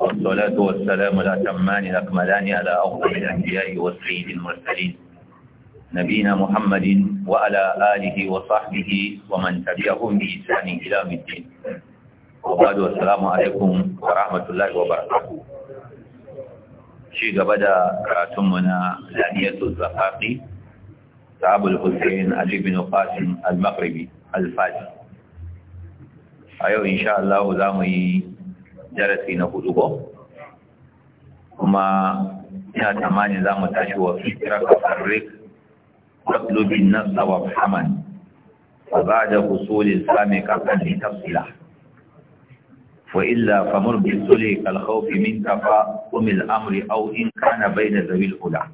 والصلاة والسلام الأتمان الأكملان على أفضل الأنبياء والسيد المرسلين نبينا محمد وعلى آله وصحبه ومن تبعهم بإحسان إلى الدين وبعد السلام عليكم ورحمة الله وبركاته شيء بدا كراتمنا لانية الزقاقي صعب الحسين علي بن قاسم المغربي الفاتح a yau insha Allah za mu yi jara su na hudu ba kuma ya tamani za mu tashi wa fikira kafin rik ƙaklubin na tsawon haman ba da husuli sami kafin litafila wa illa famur bin suli kalhaufi min kafa umil amri au in kana bai da zawil hula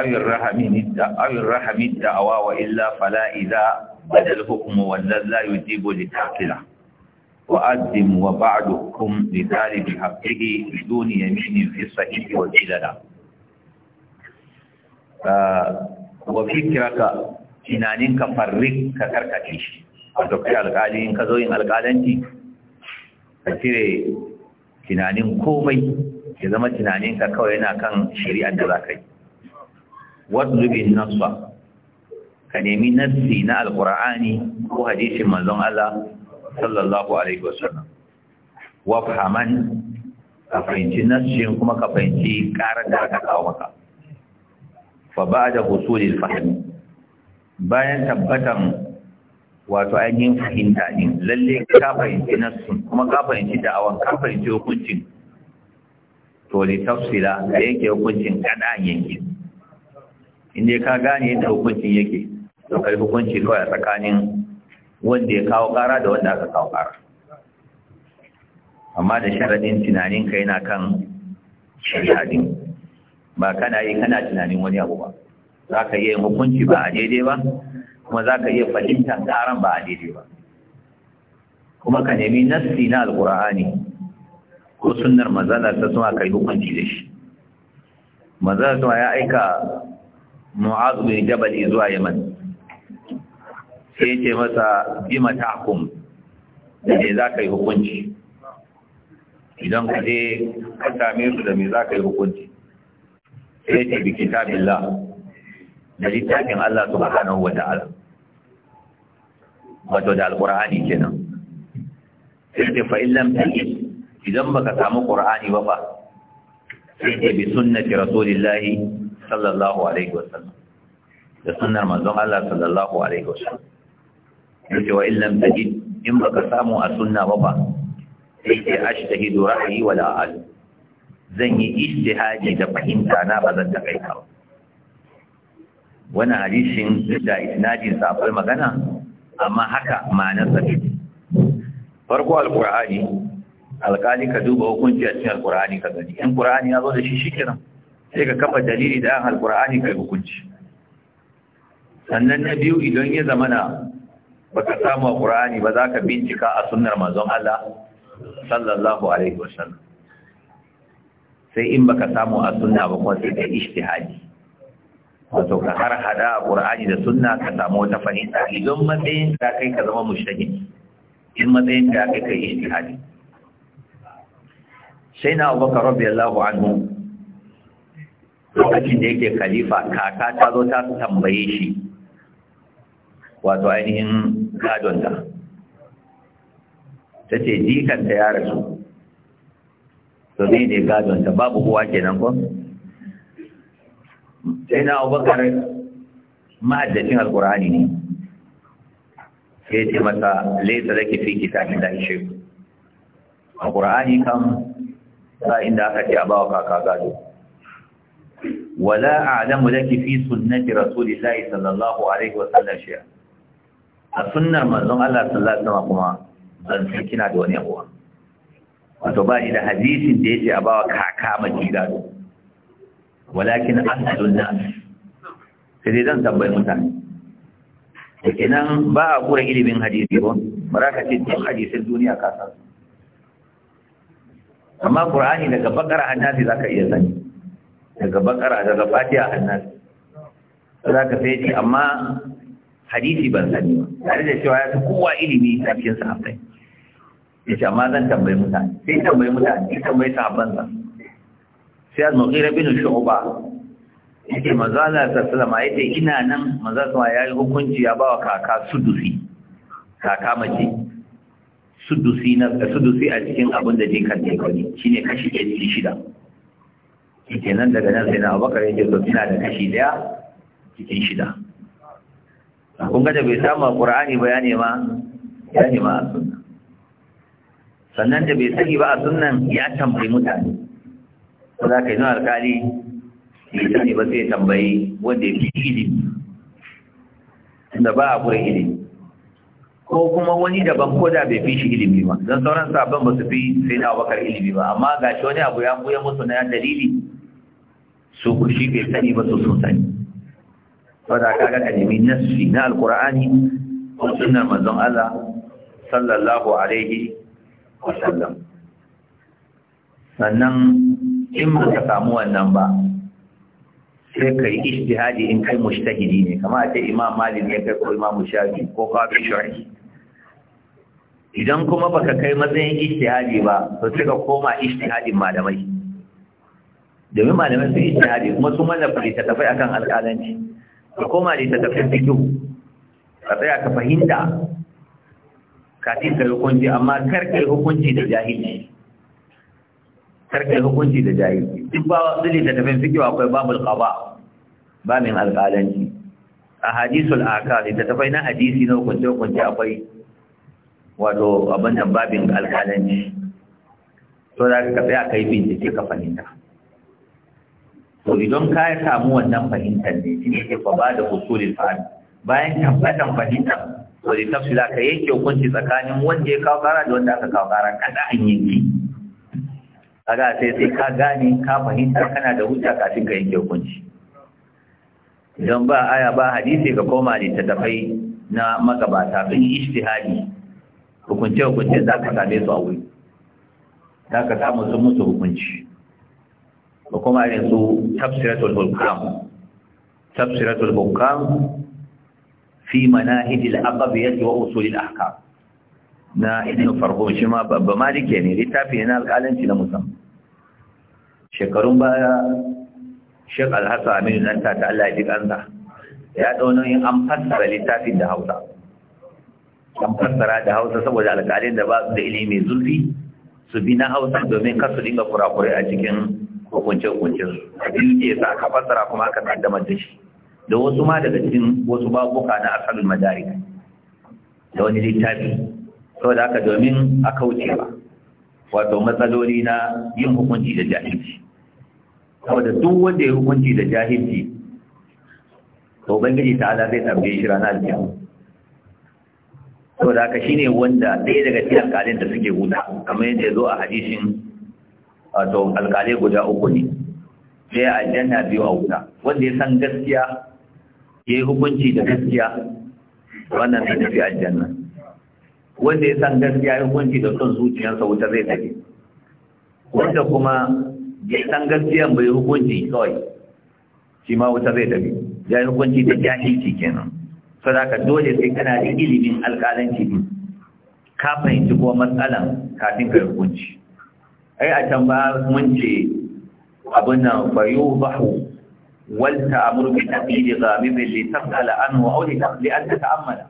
ayin rahamin da awa wa illa fala iza badal hukumu wannan la yujibu litafila وأذم وبعدكم لذلك بحقه بدون يمين في الصحيح والإلالة وفكرك tunaninka farrik ka karkace shi wato kai alƙali in ka zo yin alƙalanci ka cire tunanin komai ya zama tunaninka kawai yana kan shari'ar da za ka yi wadlubin ka nemi nassi na alƙur'ani ko hadisin manzon Allah sallallahu alaihi wasallam wa fahaman ka fahimci nashin kuma ka fahimci ƙarar da aka kawo maka fa da husulil fahmi bayan tabbatan wato ainihin fahimta ne lalle ka fahimci nashin kuma ka fahimci da'awan ka fahimci hukuncin to ne tafsira ka yanke hukuncin kada yanke inda ka gane yadda hukuncin yake to kai hukunci kawai a tsakanin wanda ya kawo ƙara da wanda aka kawo ƙara amma da sharaɗin tunaninka yana kan shari'adin ba kana yi kana tunanin wani abu ba za ka iya hukunci ba a daidai ba kuma za ka iya fahimtar ƙaran ba a daidai ba kuma ka nemi nassi na alƙur'ani ko sunnar mazalar ta suna kai hukunci da shi mazalar suna ya aika mu'azu jabali zuwa yaman sai ce masa bima hukum da me za ka yi hukunci idan ka je ka same su da me za ka yi hukunci sai ce biki ta billa da littafin Allah subhanahu wa ta'ala wato da alqur'ani kenan sai ce fa ta yi idan baka samu ƙur'ani ba ba sai ce bi sunnati rasulillahi sallallahu alaihi wasallam da sunnar manzon Allah sallallahu alaihi wasallam yace wa illam tajid in baka samu a sunna ba ba sai ce ashtahidu ra'ayi wala al zan yi ijtihadi da fahimta na ba zan takaita ba wannan hadisin da isnadin sa akwai magana amma haka ma'anar sa farko alqur'ani alqali ka duba hukunci a cikin alqur'ani ka gani in qur'ani ya zo da shi shikenan sai ka kafa dalili da alqur'ani kai hukunci sannan na biyu idan ya zamana baka samu a Qur'ani ba za ka bincika a sunar mazan Allah sallallahu alaihi wasallam sai in baka samu a sunna ba kuma sai ka Ba wato ka har hada a Qur'ani da sunna ka samu wata fahimta idan matsayin ka kai ka zama mushtahid in matsayin ka kai ka Haji. sai na Abubakar radiyallahu anhu lokacin da yake khalifa kaka ta zo ta tambaye shi wato ainihin gadonta ta ce jikanta ya rasu to zai ne gadonta babu kowa kenan ko sai na abubakar ma'addacin alkurani ne sai ce mata laisa zaki fi kitabin da ishe alkurani kan ta inda aka ce a bawa kaka gado wala a'lamu laki fi sunnati rasulillahi sallallahu alaihi wa sallam shay'a a sunnar manzon Allah sallallahu alaihi wasallam kuma ban san kina da wani abuwa wato ba ni da hadisin da yake a bawa kaka maki gado walakin asalun nas sai dai zan tambayi mutane da kenan ba a kura ilimin hadisi ba bara ka ce duk hadisin duniya ka san amma qur'ani daga bakara hannasi zaka iya sani daga bakara daga fatiha annasi. zaka sai ce amma hadisi ban sani ba tare da cewa ya fi kowa ilimi a cikin sahabbai ya ce amma zan tambayi mutane sai tambayi mutane sai tambayi sahabban sa sai al-mughira bin shu'ba yake manzo Allah sallallahu alaihi wasallam ina nan manzo sa yi hukunci ya bawa kaka sudusi kaka mace sudusi na sudusi a cikin abin da je kan tekoni shine kashi shida. yake nan daga nan sai na Abubakar yake so ina da kashi daya cikin shida kun ga da bai samu a qur'ani ba ya nema a sunna sannan da bai sani ba a sunnan ya tambayi mutane ko za ka yi nuna alƙali bai sani ba sai tambayi wanda ya fi ilimi da ba a kure ilimi ko kuma wani daban ko da bai fi shi ilimi ba don sauran sabon ba su fi sai na bakar ilimi ba amma ga shi wani abu ya buya musu na dalili su ku shi bai sani ba su sun sani saboda kaga ka nemi nassi na alqur'ani ko sunnar manzon Allah sallallahu alaihi wa sallam sannan in ba ka samu wannan ba sai ka yi ishtihadi in kai mushtahidi ne kama a ce imam malik ne kai ko imam shafi ko bi shari'i idan kuma baka kai matsayin ijtihadi ba to sai ka koma ijtihadin malamai domin malamai su ijtihadi kuma su fulita tafai akan alƙalanci ka koma da littattafin fikihu ka tsaya ka fahimta kafin ka yi hukunci amma kar hukunci da jahilci kar ka hukunci da jahilci duk ba wasu littattafin fikihu akwai babul qaba babin alƙalanci a hadisul da littattafai na hadisi na hukunci hukunci akwai wato abin da babin alƙalanci to da ka tsaya ka yi bincike ka fahimta to idan ka ya samu wannan fahimtar ne shi ne ba ba da usulin fa'ani bayan tabbatar fahimtar to da tafsila ka yanke hukunci tsakanin wanda ya kawo kara da wanda aka kawo kara kada an yanke kaga sai sai ka gane ka fahimta kana da hujja kafin ka yanke hukunci idan ba aya ba hadisi ka koma littattafai na magabata sun yi ijtihadi hukunce hukunce za ka same su a wuri za ka samu sun musu hukunci da kuma irin su tafsiratul hukam tafsiratul hukam fi manahijil aqabiyyah wa usulil ahkam na ibn farhum shi ma babba malike ne littafi na alƙalanci na musamman shekarun baya Sheikh al Aminu nan ta ta Allah ya ji kansa ya dauno yin an fassara littafin da Hausa an fassara da Hausa saboda alƙalin da ba su da ilimi zurfi su bi na Hausa domin kar su dinga kurakurai a cikin hukunce-hukuncen su abin da sa fassara kuma aka kaddamar da shi da wasu ma daga cikin wasu babuka na asalin madarik da wani littafi da aka domin a kaucewa wato matsaloli na yin hukunci da jahilci da duk wanda ya hukunci da jahilci to ta ala zai tambaye shi ranar da aka shi ne wanda ɗaya daga cikin alƙalin da suke huta kamar yadda ya zo a hadishin. wato alƙalai guda uku ne Sai a janna biyu a wuta wanda ya san gaskiya ya yi hukunci da gaskiya wannan zai tafi janna wanda ya san gaskiya ya hukunci da son zuciyarsa wuta zai tafi wanda kuma ya san gaskiya bai hukunci kawai shi ma wuta zai tafi ya yi hukunci da jahilci kenan sadaka dole sai kana da ilimin alƙalanci ka fahimci kuma matsalan kafin ka hukunci ai a can ba mun ce abin nan bayu bahu walta amuru bi tafsiri ghamibin li tasala anhu aw li tasli an ta'ammala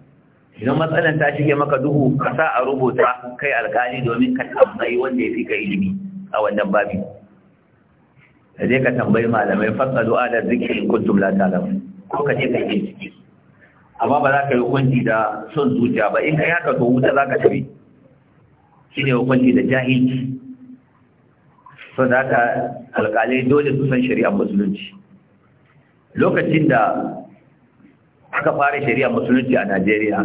idan matsalan ta shige maka duhu ka sa a rubuta kai alkali domin ka tambayi wanda ya fi ka ilimi a wannan babi da zai ka tambayi malamai fasalu ala zikirin kuntum la ta'lamun ko ka je ka yi amma ba za ka yi hukunci da son zuciya ba in yi haka to wuta za ka tafi shi ne hukunci da jahilci So da haka alƙalai dole su san shari'ar musulunci lokacin da aka fara shari'ar musulunci a najeriya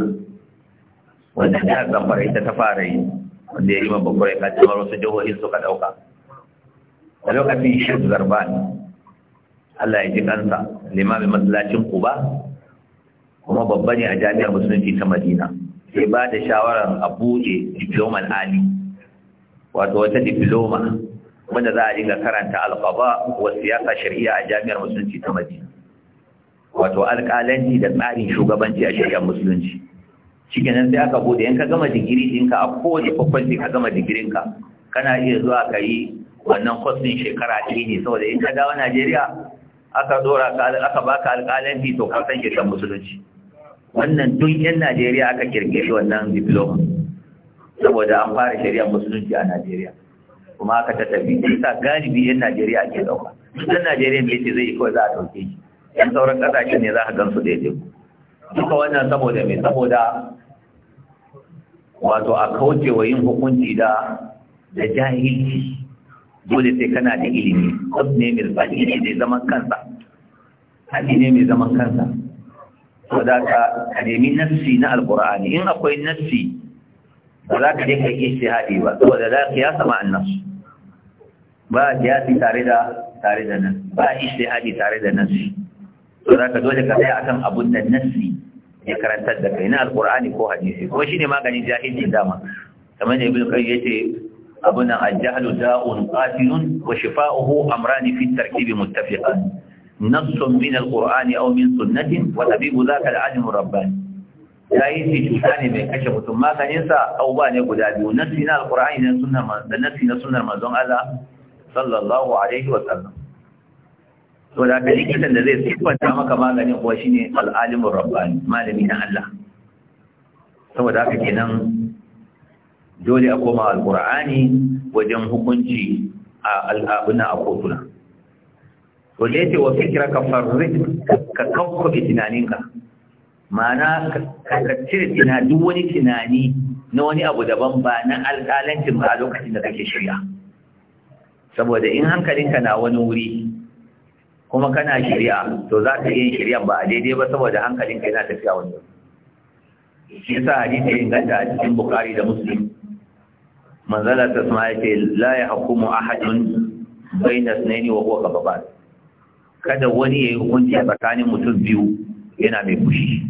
wanda jihar zamfara ita ta fara yi wanda ya yi babbar ya kacin wasu jihohin suka ɗauka a lokacin zarba ne. allah ya ji kansa limamin masallacin kuba kuma babba ne a jami'ar musulunci ta madina sai ba da shawarar a buɗe diploman ali wato wata diploma wanda za a dinga karanta alƙaba wa siyasa shari'a a jami'ar musulunci ta madina wato alƙalanci da tsarin shugabanci a shari'ar musulunci nan sai aka bude in ka gama digiri ɗinka a kowace fakwalti ka gama digirinka kana iya zuwa ka yi wannan kwasin shekara ɗaya ne saboda in ka dawo najeriya aka dora aka baka alƙalanci to ka san shekar musulunci wannan duk yan najeriya aka kirkiri wannan diploma saboda an fara shari'ar musulunci a najeriya kuma aka ta tafi sa galibi yan najeriya ke dauka dan najeriya ne ce zai iko za a dauke shi yan sauran kasashe ne za ka gansu da daidai duka wannan saboda me saboda wato a kauce wa yin hukunci da da jahilci dole sai kana da ilimi tsab ne mai faɗi ne zaman kansa hadi ne mai zaman kansa saboda ka nemi nassi na alkur'ani in akwai nassi ba za ka je ka ijtihadi ba saboda za ka yasa ma annas ba jihadi tare da tare da nan ba ijtihadi tare da nan to za ka dole ka tsaya akan abun da nasi ya karantar da kai na alqur'ani ko hadisi ko shine maganin jahili dama kamar da ibnu qayyim yace abun nan al-jahlu da'un qatilun wa shifa'uhu amrani fi at-tarkib muttafiqan نص من القرآن sunnatin من سنة وطبيب ذاك العالم الرباني yayi shi cuta ne mai kashe mutum maganinsa abubuwa ne guda biyu nasi na alkur'ani na da nasi na sunar mazon Allah sallallahu alaihi wa sallam to da likitan da zai siffanta maka maganin kuwa shine al'alimur rabbani malami na Allah saboda haka kenan dole a koma alkur'ani wajen hukunci a al'abuna a kotuna to da yake wa fikira ka farrik ka kawo kanko tunaninka ma'ana ka cire tunani duk wani tunani na wani abu daban ba na alƙalancin ba a lokacin da kake shirya saboda in hankalinka na wani wuri kuma kana shirya to za ka yi shiryan ba a daidai ba saboda hankalinka yana tafiya wani shi sa hadisi ganta a cikin bukari da muslim manzala ta sama ya ce la ya hukumu na bayna sunaini wa kada wani ya yi hukunci tsakanin mutum biyu yana mai fushi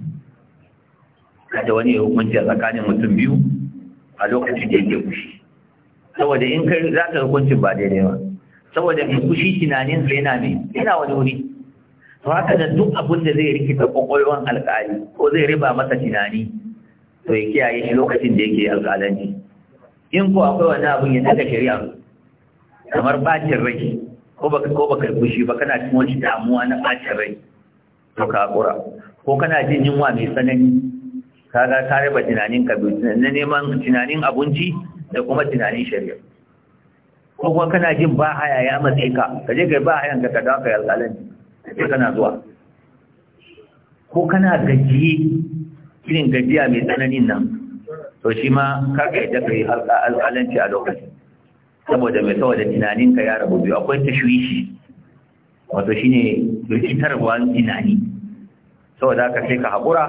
kada wani ya hukunci a tsakanin mutum biyu a lokacin da yake fushi saboda in kai za ka hukuncin ba daidai ba saboda mai fushi tunanin sa yana mai yana wani wuri to haka da duk abin da zai rikita kwakwalwan alkali ko zai riba masa tunani to ya kiyaye shi lokacin da yake alkalanci in ko akwai wani abin ya daga shari'a kamar bacin rai ko baka ko baka fushi ba kana cikin wani damuwa na bacin rai to ka hakura ko kana jin yunwa mai tsanani ga ta raba tunanin ka na neman tunanin abinci da kuma tunanin shari'a ko kuma kana jin ba haya ya matse ka ka je kai ba hayan ka ka dawo kai alƙalanci sai kana zuwa ko kana gajiye irin gajiya mai tsananin nan to shi ma ka kai da kai alƙalanci a lokacin saboda mai saboda tunanin ka ya rabu biyu akwai tashwishi wato shine rikitarwa tunani saboda haka sai ka haƙura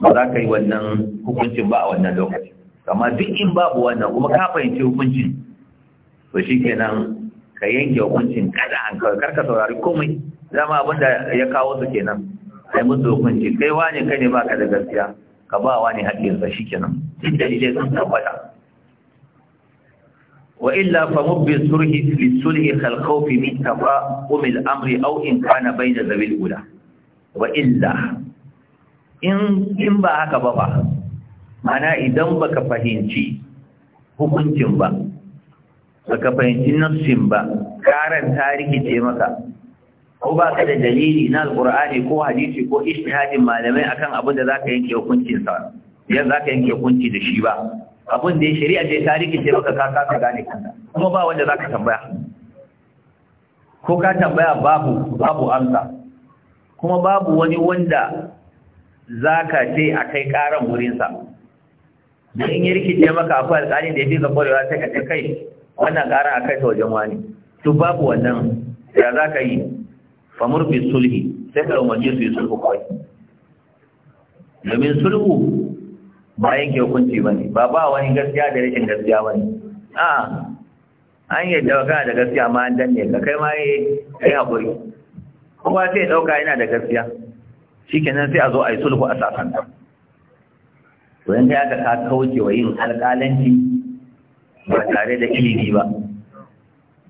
ba za ka yi wannan hukuncin ba a wannan lokaci Kama duk in babu wannan kuma ka fahimci hukuncin to shi kenan ka yanke hukuncin kada an kawai karka saurari komai zama abin da ya kawo su kenan sai musu hukunci kai wani kai ne baka da gaskiya ka ba wani sa shi kenan duk dalilai sun tabbata Wa illa وإلا فمب السره للسلح umil amri au in kana bai da بين guda. wa illa. in ba haka ba ba mana idan baka fahimci hukuncin ba baka fahimci nafsin ba karan tariki ce maka ko ba ka da dalili na alkur'ani ko hadisi ko ishtihadin malamai akan abin da zaka yanke hukuncin sa yanzu zaka yanke hukunci da shi ba abin da ya shari'a ce tariki ce maka ka kasa gane kanka kuma ba wanda zaka tambaya ko ka tambaya babu babu amsa kuma babu wani wanda za ka ce a kai ƙaran wurinsa da in yi rikice maka akwai alƙalin da ya fi ka ƙwarewa sai ka ce kai wannan ƙara a kai ta wajen wani to babu wannan ya za ka yi famur bi sulhi sai ka umarci su yi sulhu kawai domin sulhu ba yanke hukunci ba ne ba ba wani gaskiya da rashin gaskiya ba ne a an yadda kana da gaskiya ma an danne ka kai ma yi eh, haƙuri kowa sai ɗauka yana da gaskiya kenan sai a zo a yi sulhu a tsakanta to in kai aka ka kauce wa yin alƙalanci ba tare da ilimi ba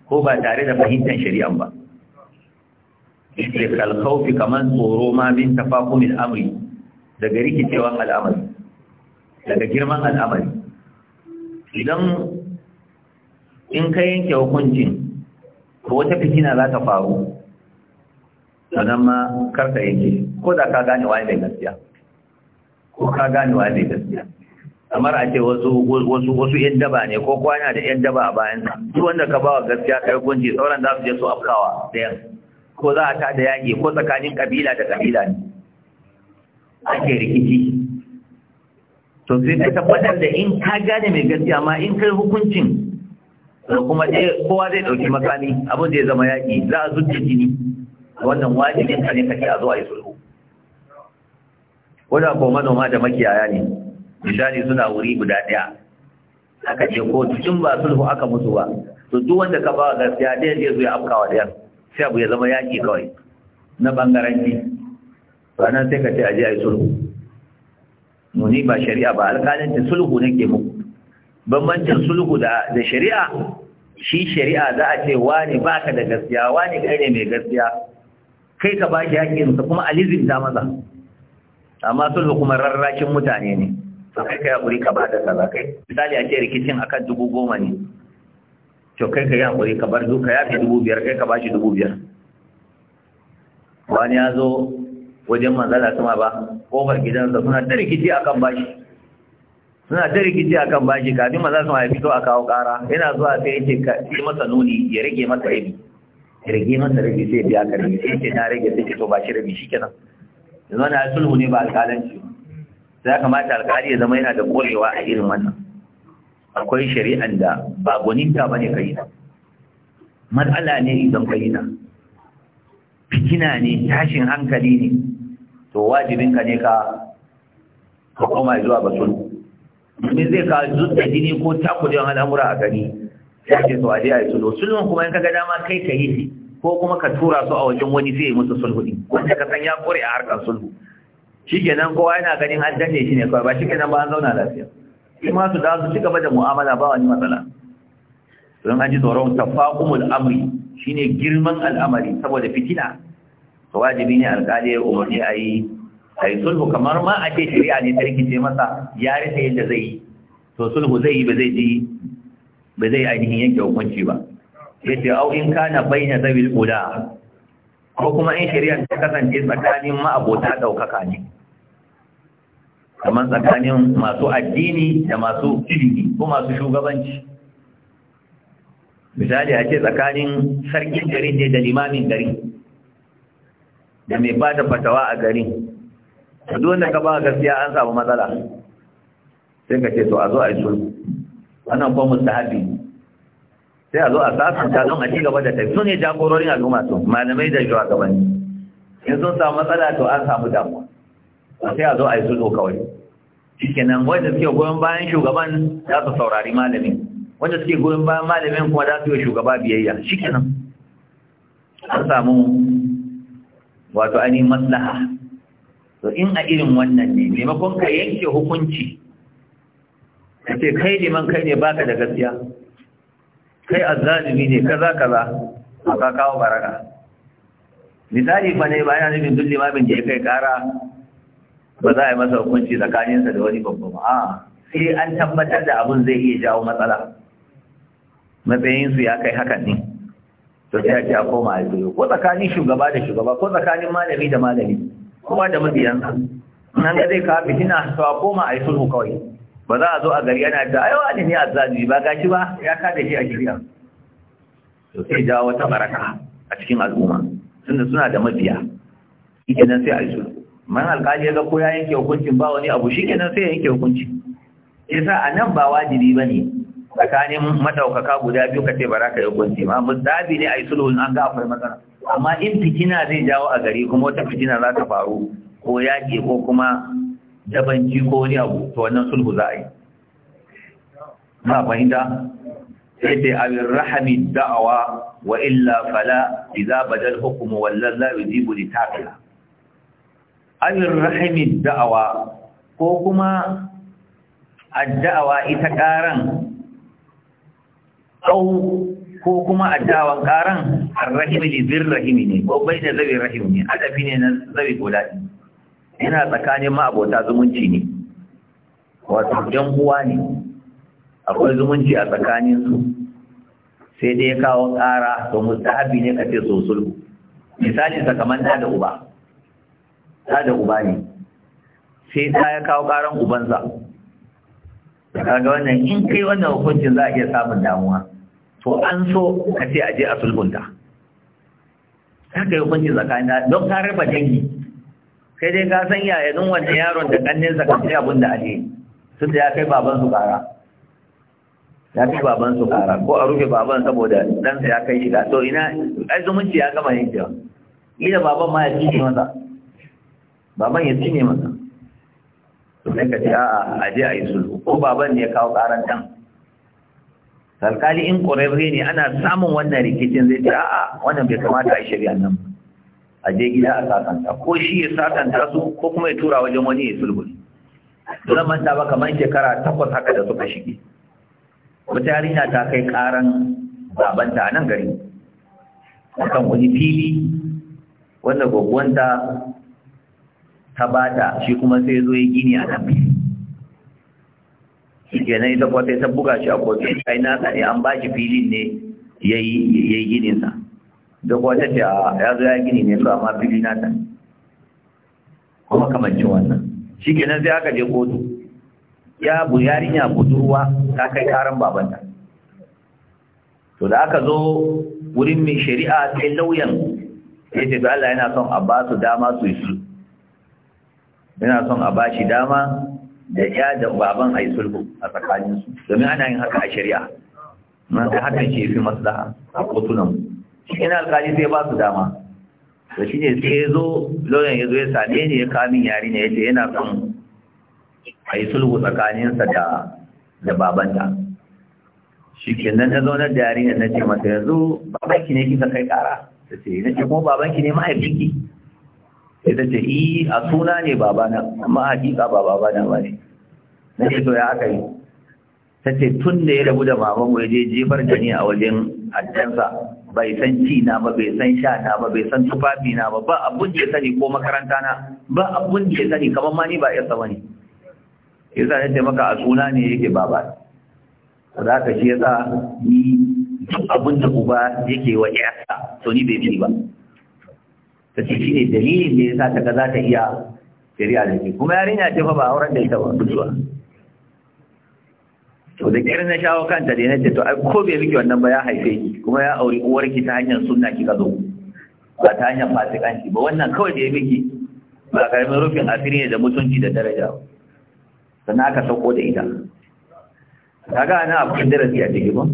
ko ba tare da fahimtar shari'a ba ikkal khawfi kaman tsoro ma min tafaqumil amri daga rikicewan al'amari daga girman al'amari idan in ka yanke hukuncin ko wata fitina za ta faru sannan ma karka yake ko da ka gane waye mai gaskiya ko ka gane waye mai gaskiya kamar a ce wasu wasu wasu yan daba ne ko kwana da yan daba a bayan duk wanda ka bawa gaskiya kai gunji sauran za su je su afkawa yan ko za a ta da yaƙi ko tsakanin kabila da kabila ne ake rikici to sai ka tabbatar da in ka gane mai gaskiya ma in kai hukuncin kuma kowa zai ɗauki makami abin da ya zama yaƙi za a zuci jini wannan wajibin ka ne kake a zo a yi sulhu da ko manoma da makiyaya ne misali suna wuri guda ɗaya aka ce ko tun ba sulhu aka mutu ba to duk wanda ka ba gaskiya ɗaya zai zo ya afkawa ɗayan sai abu ya zama yaƙi kawai na ɓangaranci ranar sai ka ce aje a yi sulhu muni ba shari'a ba alƙalanci sulhu nake muku bambancin sulhu da shari'a shi shari'a za a ce wani baka da gaskiya wani kai ne mai gaskiya kai ka bashi haƙƙinsa kuma alizin ta maza amma sulhu kuma rarrakin mutane ne to kai ka yaƙuri ka bada kaza kai misali a ce rikicin akan dubu goma ne to kai ka yaƙuri ka bar duka ya fi dubu biyar kai ka bashi dubu biyar wani ya zo wajen manzala sama ba ƙofar gidansa suna ta rikici akan bashi suna ta rikici akan bashi kafin maza sama ya fito a kawo ƙara yana zuwa sai ya ce ka yi masa nuni ya rage masa ibi rage masa rabi zai biya ka rabi sai ce na rage sai fito to ba shi rabi shi kenan yanzu wani sulhu ne ba alƙalanci sai ya kamata alƙali ya zama yana da ƙorewa a irin wannan akwai shari'an da ba gwaninta ba ne ka yi na matsala ne idan ka yi na fitina ne tashin hankali ne to ka ne ka ka koma zuwa ba sulhu domin zai ka zuɗa jini ko takudewan al'amura a gani ya ce su waje a yi sulhu sulhun kuma in ka ga dama kai ka yi ko kuma ka tura su a wajen wani zai musu sulhu din wanda ka san ya kore a harkar sulhu shikenan kowa yana ganin an danne shi ne kawai ba shikenan ba an zauna lafiya shi ma su ci gaba da mu'amala ba wani matsala don an ji tsoron tafaqumul amri shine girman al'amari saboda fitina to wajibi ne alƙali ya umarni a yi a yi sulhu kamar ma a ce shari'a ne ta rikice masa ya rasa yadda zai yi to sulhu zai yi ba zai ji ba zai ainihin yanke hukunci ba yadda au in kana baina zabil guda, ko kuma in shari'a ta kasance tsakanin ma'abota ɗaukaka ne kamar tsakanin masu addini da masu ilimi ko masu shugabanci misali a ce tsakanin sarkin gari ne da limamin gari da mai ba da fatawa a gari duk wanda ka ba gaskiya an samu matsala sai ka ce to a zo a yi sulhu wannan kuma mustahabi sai a zo a sasanta don a cigaba da tafi sun yi jagororin al'umma su malamai da gaban. in sun samu matsala to an samu damuwa sai a zo a yi sulhu kawai nan wanda suke goyon bayan shugaban za su saurari malamin wanda suke goyon bayan malamin kuma za su yi shugaba biyayya nan an samu wato ainihin maslaha to in a irin wannan ne maimakon ka yanke hukunci ka ce kai ne man kai ne baka da gaskiya kai azzalimi ne kaza kaza aka kawo baraka misali fa ne bayan nufin duk limamin da ya kai kara ba za a yi masa hukunci tsakaninsa da wani babba ba a sai an tabbatar da abun zai iya jawo matsala matsayinsu ya kai hakan ne to sai a ce a koma a zuwa ko tsakanin shugaba da shugaba ko tsakanin malami da malami kuma da mabiyansa nan da zai kawo fitina to a koma a yi sulhu kawai ba za a zo a gari ana ta ai ne ne zaji ba gashi ba ya kada shi a gari to sai jawo wata baraka a cikin al'umma tunda suna da mabiya nan sai a yi man alƙali ya ga ko ya yanke hukuncin ba wani abu nan sai ya yanke hukunci yasa a nan ba wajibi ba ne tsakanin madaukaka guda biyu ka ce ba za ka yi hukunci ma musabi ne a yi sulhun an ga akwai matsala amma in fitina zai jawo a gari kuma wata fitina za ta faru ko yaƙi ko kuma da banki ko wani abu ta wannan sulhu za a yi ma fahimta sai abin rahami da'awa wa illa fala idza badal hukmu wallan la yujibu li taqila abin rahami da'awa ko kuma addawa ita ƙaran au ko kuma addawan ƙaran arrahimi li zirrahimi ne ko bai da zabi rahimi ne adafi ne na zabi ko dadi yana tsakanin ma'abota zumunci ne wato jan uwa ne akwai zumunci a tsakanin su sai dai ya kawo ƙara to mustahabi ne kace so sulhu misali sakaman da da uba da da uba ne sai ta ya kawo ƙaran ubansa kaga wannan in kai wannan hukuncin za a iya samun damuwa to an so kace a je a sulhunta haka yi hukuncin tsakanin don ka raba dangi kai dai ka san yayanin wanda yaron da ƙannensa kan sai abin da ake sun da ya kai baban su ƙara ya kai baban su kara ko a rufe baban saboda ɗansa ya kai shiga to ina ai zumunci ya gama yin kewa Ina baban ma ya cinye masa baban ya cinye masa to sai ka ce a'a a je a yi sulhu ko baban ne ya kawo ƙaran ɗan alkali in ƙwararre ne ana samun wannan rikicin zai ce a'a wannan bai kamata a yi shari'a nan ba a je gida a sakanta ko shi ya sakanta su ko kuma ya tura wajen wani ya sulhu don manta ba kamar shekara takwas haka da suka shige wata yarinya ta kai karan babanta a nan gari kan wani fili wanda gwagwanta ta bata shi kuma sai zo ya gini a nan fili shi kenan ita kwata ta buga shi a kotu ya na tsari an ba shi filin ne ya yi gininsa da kuwa ta a ya zo ya gini ne su amma fili na ta kuma kamancin wannan shi ke nan sai aka je kotu ya bu yarinya budurwa ta kai karan babanta to da aka zo wurin mai shari'a sai lauyan ya ce Allah yana son a ba su dama su yi yana son a ba shi dama da ya da baban a yi sulhu a tsakaninsu domin ana yin haka a shari'a na ta hakan shi fi maslaha a kotunan shi ne alkali sai ba su dama da shi ne sai ya zo lauyan ya zo ya same ni ya kamin yari ne ya ce yana son a yi sulhu tsakaninsa da da babanta shi ke nan na zaunar da yari na ce masa yanzu babanki ne kika kai kara ta ce na ce kuma babanki ne mahaifinki sai ta ce yi e, a suna ne babana amma hakika ba babana ba ne na ce to ya aka yi ta ce tun da ya rabu da babanmu ya je jefar da ni a wajen addansa bai san ci na ba bai san sha na ba bai san tufafi na ba ba abun da ya sani ko makaranta na ba abun da ya sani kamar ma ni ba ya saba ne yasa ne maka a suna ne yake baba za ka shi yasa ni duk abun da uba yake wa ƴarsa to ni bai sani ba ta ce shi ne dalilin da ya sa ta ga za ta iya shari'a da ke kuma yarinya ce fa ba auren da ita ba mutuwa. to da kyar na shawo kanta da na ce to ai ko bai rike wannan ba ya haife ki kuma ya auri ki ta hanyar sunna kika zo ba ta hanyar fasikanci ba wannan kawai da ya miki ba karamin rufin asiri ne da mutunci da daraja sannan aka sauko da ita kaga ana akwai darasi a ciki ba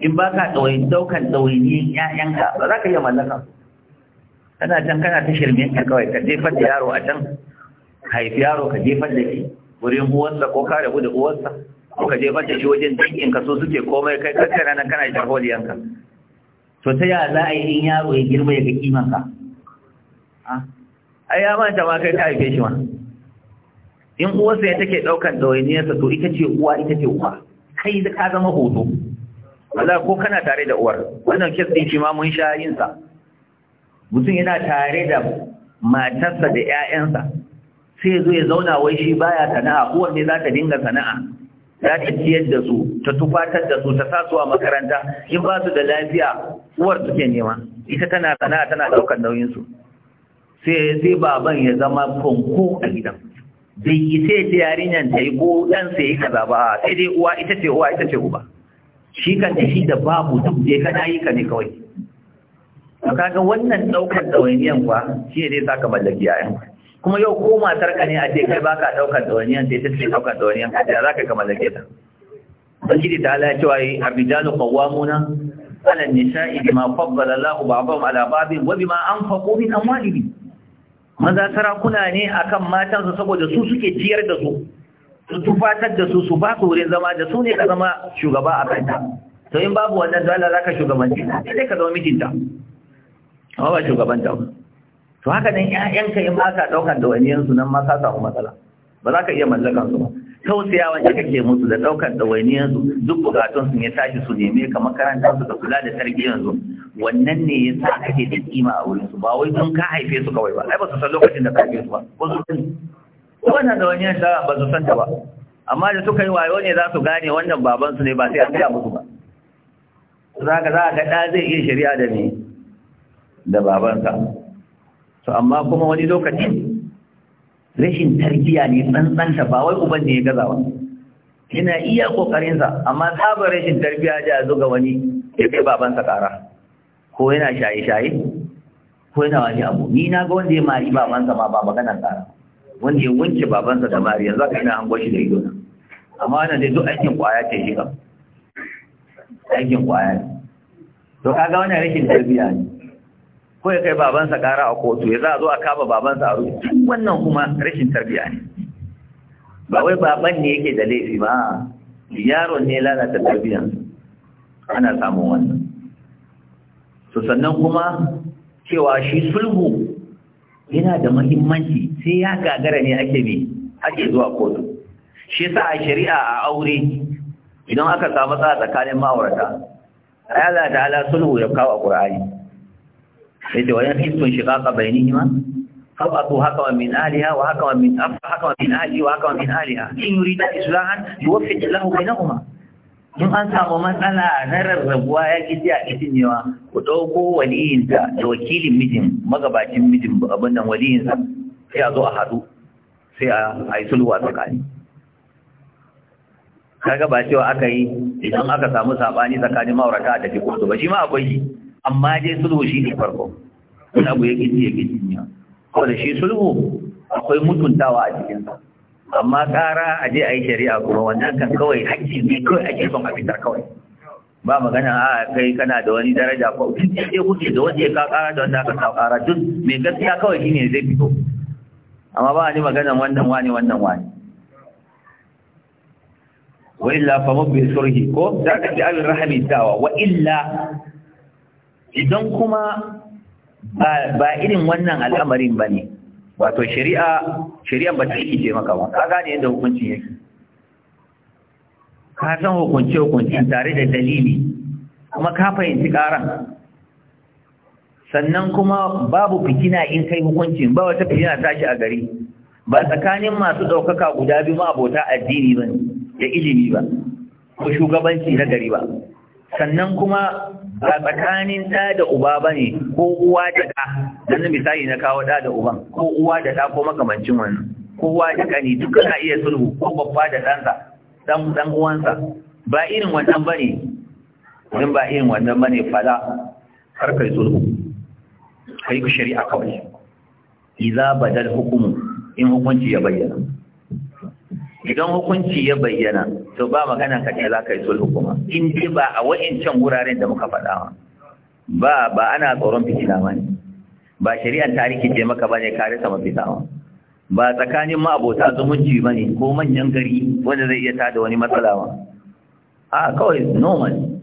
in ba ka ɗauyin ɗaukan ɗauyin ƴaƴanka ba za ka iya mallaka kana can kana ta shirme ka kawai ka jefar da yaro a can haifi yaro ka jefar da shi wurin uwansa ko kare da uwansa ko ka jefar shi wajen dangin ka so suke komai kai kai kana nan kana da ka to ta ya za a yi in yaro ya girma ya ga kiman ka ah, ai amma ta ma kai ka haife shi ma in uwarsa ya take daukan ɗawainiyarsa to ita ce uwa ita ce uwa kai da ka zama hoto Allah ko kana tare da uwar wannan kes din shi ma mun sha yin sa mutum yana tare da matarsa da ƴaƴansa sai zo ya zauna wai shi baya sana'a uwar ne za ta dinga sana'a za ta ciyar da su ta tufatar da su ta sa a makaranta in ba su da lafiya uwar suke nema ita tana sana'a tana daukar nauyin su sai sai baban ya zama fanko a gidan bai yi sai ta yarinyar ta yi ko dan sai yi kaza ba sai dai uwa ita ce uwa ita ce uba shi kan da shi da babu duk je kana yi ka ne kawai kaga wannan daukar dawainiyan kuwa shi ne zai ka mallaki yayan kuma yau ko matar ka ne a ce kai baka daukar dawaniyan sai ta ce daukar dawaniyan ka da za ka mallake ta ubangiji ta halaye cewa yi abidalu qawwamuna ala nisa'i bima faddala Allahu ba'dahum ala ba'din wa bima anfaqu min amwalihim maza sarakuna ne akan su saboda su suke ciyar da su su tufatar da su su ba su wurin zama da su ne ka zama shugaba a kanta to in babu wannan dole za ka shugabanci sai ka zama mijinta amma ba shugabanta ba to haka nan ƴaƴanka in ba ka ɗaukan ɗawainiyarsu nan ma ka samu matsala ba za ka iya mallakan su ba tausayawa da kake musu da ɗaukan ɗawainiyarsu duk bukatun su ne tashi su neme ka makaranta su ka kula da yanzu. wannan ne ya sa kake da kima a wurin su ba wai sun ka haife su kawai ba ai ba su san lokacin da ka haife su ba ko su san wannan ɗawainiyar shara ba su san ta ba amma da suka yi wayo ne za su gane wannan baban su ne ba sai a tsaya musu ba za ka za ka ɗa zai iya shari'a da ni da babansa to amma kuma wani lokaci rashin tarbiya ne tsantsanta ba wai uban ne ya gaza ba yana iya kokarinsa amma sabon rashin tarbiya ya zo ga wani ya kai babansa kara ko yana shaye-shaye ko yana wani abu ni na ga wanda ya mari babansa ma ba maganar kara wanda ya wanke babansa da mari yanzu aka ina hango shi da ido amma wannan dai duk aikin kwaya ce shi kam aikin kwaya ne to kaga wannan rashin tarbiya ne ko ya kai babansa ƙara a kotu ya za a zo a kama babansa a rubutu wannan kuma rashin tarbiya ne ba wai baban ne yake da laifi ba yaron ne lalata tarbiyan ana samun wannan to sannan kuma cewa shi sulhu yana da mahimmanci sai ya gagara ne ake bi ake zuwa kotu shi sa a shari'a a aure idan aka samu tsakanin ma'aurata Allah ta'ala sulhu ya kawo a Qur'ani yadda wayan hisun shiqaqa bainihima fab'atu haka wa min aliha wa haka wa min afa haka wa min ali wa haka wa min aliha in yurida islahan yuwaffiq lahu bainahuma in an samu matsala na rarrabuwa ya gidi a idinewa ku dauko waliyin da wakilin mijin magabacin mijin abin nan sa sai a zo a haɗu sai a yi sulwa tsakani kaga ba cewa aka yi idan aka samu sabani tsakanin maurata a tafi kotu ba shi ma akwai shi amma dai sulhu shi ne farko wani abu ya gidi ya gidi ne da shi sulhu akwai mutuntawa a cikinsa amma ƙara a je a yi shari'a kuma wannan kan kawai hakki ne kawai ake son a fitar kawai ba magana a kai kana da wani daraja ko duk da kuke da wani ya ka ƙara da wanda aka sa ƙara duk mai gaskiya kawai shine zai fito amma ba ni magana wannan wani wannan wani wa illa fa mabbi surhi ko da ka ji abin rahami tawa wa illa idan kuma ba irin wannan al'amarin ba ne wato shari'a shari'an ba ta yi ce maka ba ka gane yadda hukuncin yake ka san hukunci hukuncin tare da dalili kuma ka fahimci karan sannan kuma babu fikina in kai hukuncin ba wata fitina tashi a gari ba tsakanin masu ɗaukaka guda biyu ma abota addini ba da ilimi ba ko shugabanci na gari ba sannan kuma ba tsakanin ɗa da uba ba ne ko uwa da ɗa don misali na kawo ɗa da uban ko uwa da ɗa ko makamancin wannan uwa da ƙani duka na iya sulhu ko babba da ɗansa ɗan ɗan uwansa ba irin wannan ba ne don ba irin wannan ba ne fada har kai sulhu kai ku shari'a kawai idza badal hukumu in hukunci ya bayyana idan hukunci ya bayyana to ba maganan ka ce za ka yi sulhu kuma in dai ba a wa'incan wuraren da muka faɗa ba ba ana tsoron fitina ba ne ba shari'ar tarihi ce maka ba ne kare sama fitawa ba tsakanin abota zumunci ba ne ko manyan gari wanda zai iya tada wani matsala ba a kawai normal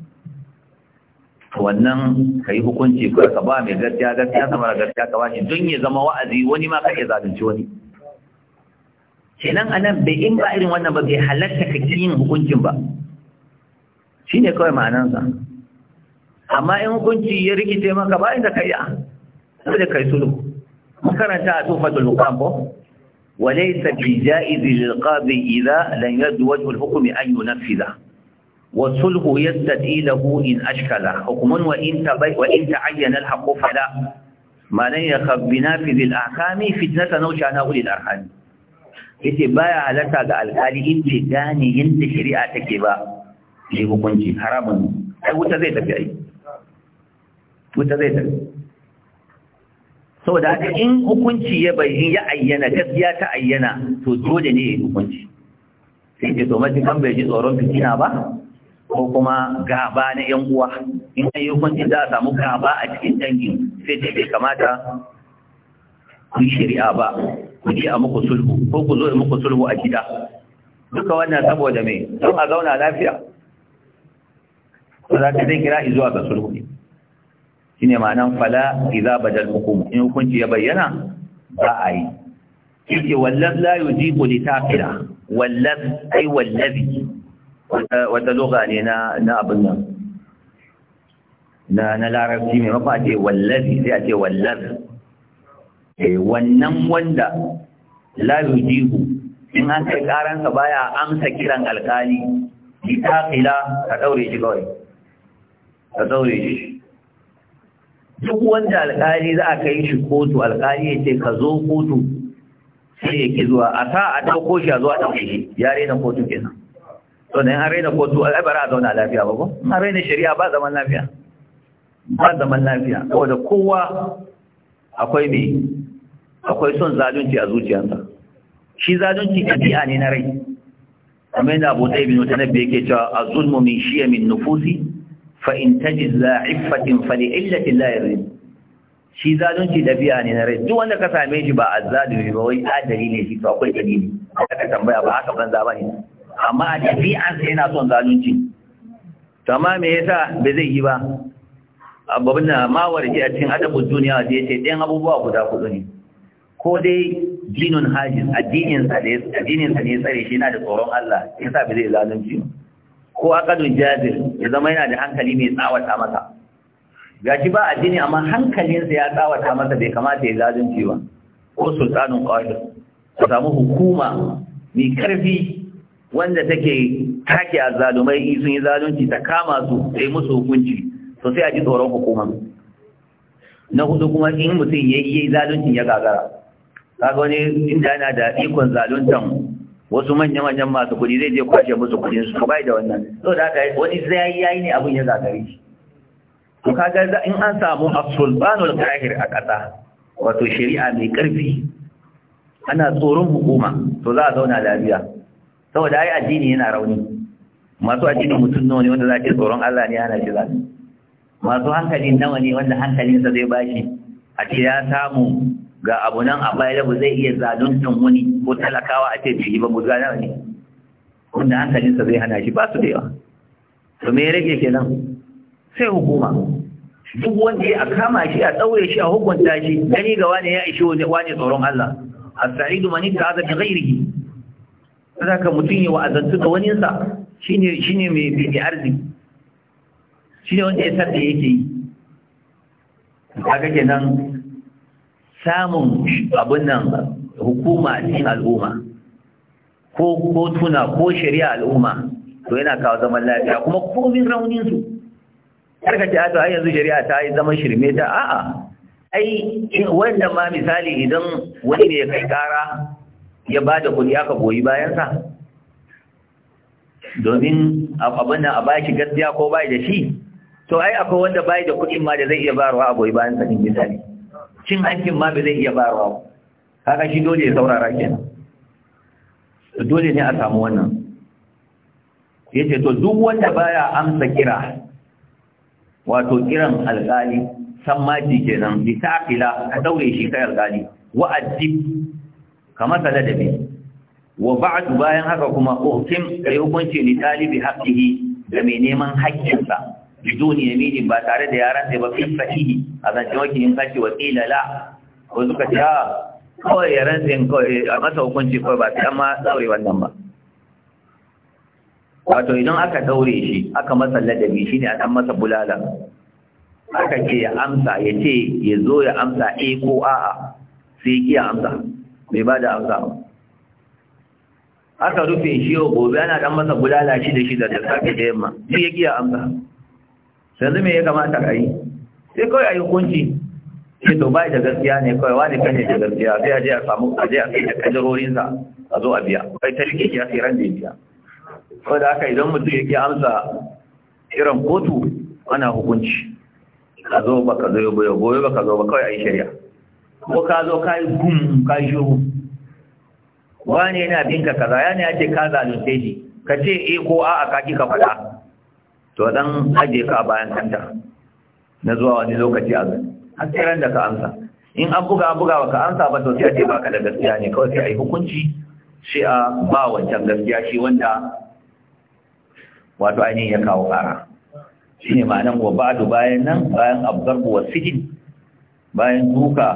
wannan ka yi hukunci ko ka ba mai gaskiya gaskiya sama da gaskiya ka ba shi don ya zama wa'azi wani ma ka iya zalunci wani kenan anan bai in ba irin wannan ba bai halatta ka yin hukuncin ba shi ne kawai ma'anansa amma in hukunci ya rikice maka ba inda ka yi a da kai sulhu makaranta a tufa da lukam ba walai ta fi ja'izi lalqabi idza lan yadu wajhul hukmi an yunfiza wa sulhu yastati lahu in ashkala hukmun wa in tabai wa in ta'ayyana al haqqu fala ma lan yakhab bi nafidh al yace baya halarta ga alkali in bai gane yadda shari'a take ba sai hukunci haramun ai wuta zai tafi ai wuta zai tafi saboda haka in hukunci ya bai ya ayyana gaskiya ta ayyana to dole ne ya hukunci sai ke to kan bai ji tsoron fitina ba ko kuma gaba na yan uwa in an yi hukunci za a samu gaba a cikin dangin sai ta bai kamata ku shari'a ba ku je a muku sulhu ko ku zo muku sulhu a gida duka wannan saboda me don a zauna lafiya za ta zai kira zuwa ga sulhu ne shi ne ma'anan fala iza badal hukumu? in hukunci ya bayyana za a yi yake wallan la yujibu li taqila wallan ai wallazi wata lugha ne na abin nan na na larabci mai mafa ce wallazi sai a ce wallazi Eh, wannan wanda la yujibu in an kai karansa baya amsa kiran alkali ila ka daure shi kawai ka daure shi duk wanda alkali za a kai shi kotu alkali ya ce ka zo kotu sai ya ki zuwa a sa a dauko shi a zuwa dauke shi ya rena kotu kenan to ne an rena kotu ai bara a zauna lafiya ba ko an rena shari'a ba zaman lafiya ba zaman lafiya saboda kowa akwai me akwai son zalunci a zuciyarsa shi zalunci ɗabi'a ne na rai kuma yana abu ɗaya binu ta nabi yake cewa a zulmu min shiya min nufusi fa in taji za'iffatin fa li illatin la yarin shi zalunci ɗabi'a ne na rai duk wanda ka same shi ba a zalunci ba wai adali ne shi to akwai dalili ka tambaya ba haka banza ba ne amma a ɗabi'ansa yana son zalunci amma me yasa bai zai yi ba na mawar ji a cikin adabin duniya da ya ce ɗayan abubuwa guda kuɗu ne ko dai dinun hajin addininsa ne tsare shi yana da tsoron Allah ya sa ba zai zalunci ko akadun jazir ya zama yana da hankali mai tsawata masa gashi ba addini amma hankalinsa ya tsawata masa bai kamata ya zalunci ba ko sultanun qadir ta samu hukuma mai karfi wanda take take zalumai sun yi zalunci ta kama su sai musu hukunci to a ji tsoron hukuma na hudu kuma in mutum yayi yayi zalunci ya gagara kaga wani inda yana da ikon zaluntan wasu manya-manyan masu kuɗi zai je kwashe musu kuɗin su bai da wannan so da haka wani zai yayi ne abin ya zagare shi to kaga in an samu as-sulbanul qahir a ƙasa wato shari'a mai ƙarfi ana tsoron hukuma to za a zauna lafiya saboda ai addini yana rauni masu addini mutum nawa ne wanda za tsoron Allah ne yana shi zaɓi masu hankali nawa ne wanda hankalinsa zai bashi a ce ya samu ga abu nan a available zai iya zaluntan wani ko talakawa a ce bai ba mu gana ne wanda hankalinsa zai hana shi ba su da yawa to me rage kenan sai hukuma duk wanda ya kama shi a tsaure shi a hukunta shi gani ga wani ya ishi wani tsoron Allah as-sa'idu man ta'aza bi ghayrihi saka mutun ya wa'azantu ga wani sa shine shine mai bi arziki shine wanda ya sarda yake yi kaga kenan samun abin nan hukuma a cikin al'umma ko kotuna ko shari'a al'umma to yana kawo zaman lafiya kuma komin raunin su karka ce ato yanzu shari'a ta yi zaman shirme ta a'a ai wanda ma misali idan wani ne kai kara ya ba da kuɗi aka goyi bayansa domin abin nan a baki gaskiya ko bai da shi to ai akwai wanda bai da kudin ma da zai iya bayarwa a goyi bayansa din misali cin aikin ma ba zai iya bayarwa kaga shi dole ya saurara kenan dole ne a samu wannan yace to duk wanda baya amsa kira wato kiran alƙali sammaji kenan bi taqila ka daure shi kai alƙali wa addib kamar ladabi wa ba'du bayan haka kuma uhkim kai hukunci ni talibi haqqihi da mai neman haƙƙinsa bidon yaminin ba tare da yaran sai ba fi sahihi a zancen in kashi wa ƙila la ko suka ce ah ko yaran sai kawai a masa hukunci ko ba sai amma ma daure wannan ba wato idan aka daure shi aka masa ladabi shine a dan masa bulala aka ce ya amsa ya ce ya zo ya amsa a ko a'a sai ki ya amsa bai ba da amsa ba aka rufe shi yau gobe ana dan masa bulala shi da shi da safe da yamma sai ya kiya amsa yanzu me ya kamata a yi sai kawai a yi hukunci shi to bai da gaskiya ne kawai wani kan ne da gaskiya sai a je a samu a je a kai da kajarorinsa a zo a biya kai ta rike ya tsiran ran da ya biya kawai da haka idan mutum yake amsa irin kotu ana hukunci ka zo ba ka zo ya goyo ba ka zo ba kawai a yi shari'a ko ka zo ka yi gum ka yi shuru wani yana binka kaza yana ya ce ka zalunce shi ka ce eh ko a'a ka ki ka faɗa to dan aje ka bayan kanta na zuwa wani lokaci a gani har sai ran da ka amsa in an buga an buga ka amsa ba to sai ce baka da gaskiya ne kawai sai ai hukunci sai a ba wancan gaskiya shi wanda wato ainihin ya kawo kara shi ne ma'anan wa ba'adu bayan nan bayan abdarbu wa sijin bayan duka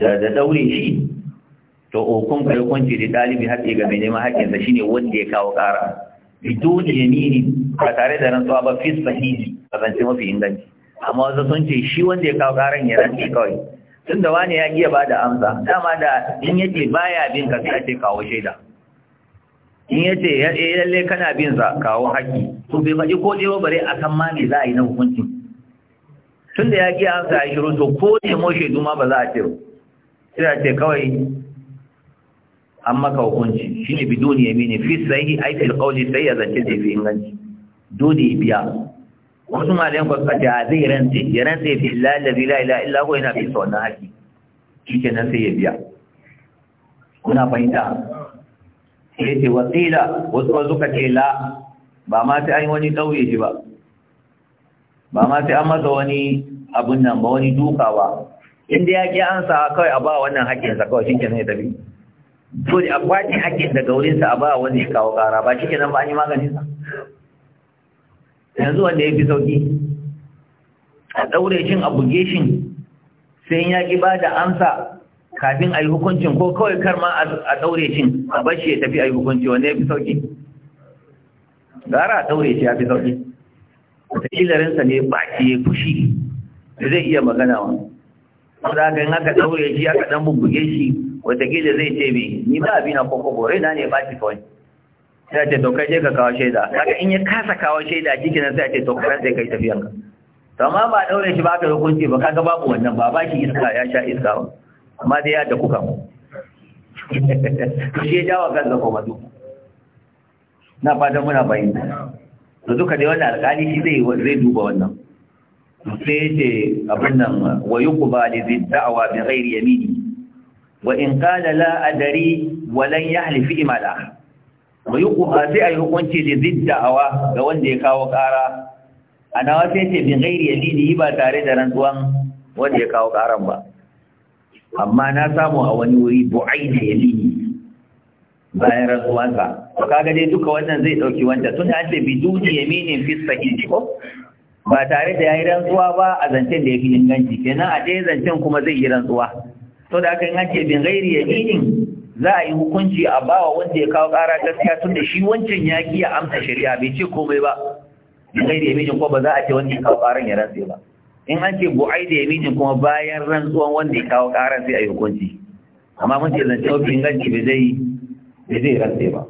da da daure shi to okun hukunci da dalibi haƙe ga mai neman haƙinsa shine wanda ya kawo ƙara bidun yamini ba tare da rantsuwa ba fi sahihi a zance mafi inganci amma wasu sun ce shi wanda ya kawo karan ya rantsi kawai tun da wani ya iya ba da amsa dama da in yace baya bin ka sai ce kawo shaida in yace ya eh, lalle kana bin sa kawo haƙƙi to bai faɗi ko ɗewa bare a san ma me za a yi na hukuncin. tun da ya ƙi amsa ya shiru to ko nemo shaidu ma ba za a ce sai a ce kawai an maka hukunci shine ya yamini fi sahihi aiki da qawli sai ya zance da fi inganci dole biya wasu malayan ba suka ce zai rantse ya fi lalabi la illa ko yana fi sa wannan haƙi shike nan sai ya biya kuna fahimta sai ce wasila wasu ba suka ce la ba ma sai an yi wani ɗauye shi ba ba ma sai an masa wani abun nan ba wani duka ba inda ya ƙi an sa kawai a ba wannan haƙƙinsa kawai shi ke ya tafi so da akwati hakkin daga wurinsa a ba wanda ya kawo kara ba shi nan ba an yi maganin sa yanzu wanda ya fi sauki a daure shin a buge shin sai ya ki ba da amsa kafin a yi hukuncin ko kawai kar ma a daure shin a shi ya tafi a yi hukunci wanda ya fi sauki gara a daure shi ya fi sauki wata ilarinsa ne baki ya fushi da zai iya magana wa. Za ka yin aka daure shi aka ɗan bubbuge shi wataƙila zai ce bi ni ba bi na koko bore na ne ba shi kawai sai ce to kai je ka kawo shaida kaga in ya kasa kawo shaida kike sai ce to kai sai kai tafiyar ka to amma ba daure shi ba ka hukunci ba kaga babu wannan ba ba shi iska ya sha iska ba amma dai ya da kuka mu shi ya jawo kansa ko mazu na fatan muna fahimta to duka dai wannan alƙali shi zai zai duba wannan sai ce abin nan wa yuqba li da'wa bi ghairi yamini wa in qala la adari wa lan yahlifi imala bai kuka sai ayi hukunci da awa ga wanda ya kawo ƙara ana wace ce bin gairi yalini ba tare da rantsuwan wanda ya kawo ƙaran ba amma na samu a wani wuri bu'ai da yalini bayan rantsuwansa to kaga dai duka wannan zai dauki wanda tun an ce biduni yaminin fi sahihi ko ba tare da yi rantsuwa ba a zancen da fi inganci kenan a ɗaya zancen kuma zai yi rantsuwa to da kan ake bin gairi yaminin za a yi hukunci a bawa wanda ya kawo ƙara gaskiya tun da shi wancan ya ki ya amsa shari'a bai ce komai ba bin gairi yaminin ko ba za a ce wanda ya kawo ƙaran ya rantse ba in an ce bu'ai da yaminin kuma bayan rantsuwan wanda ya kawo ƙaran sai a yi hukunci amma mun ce zance mafi inganci bai zai bai zai rantse ba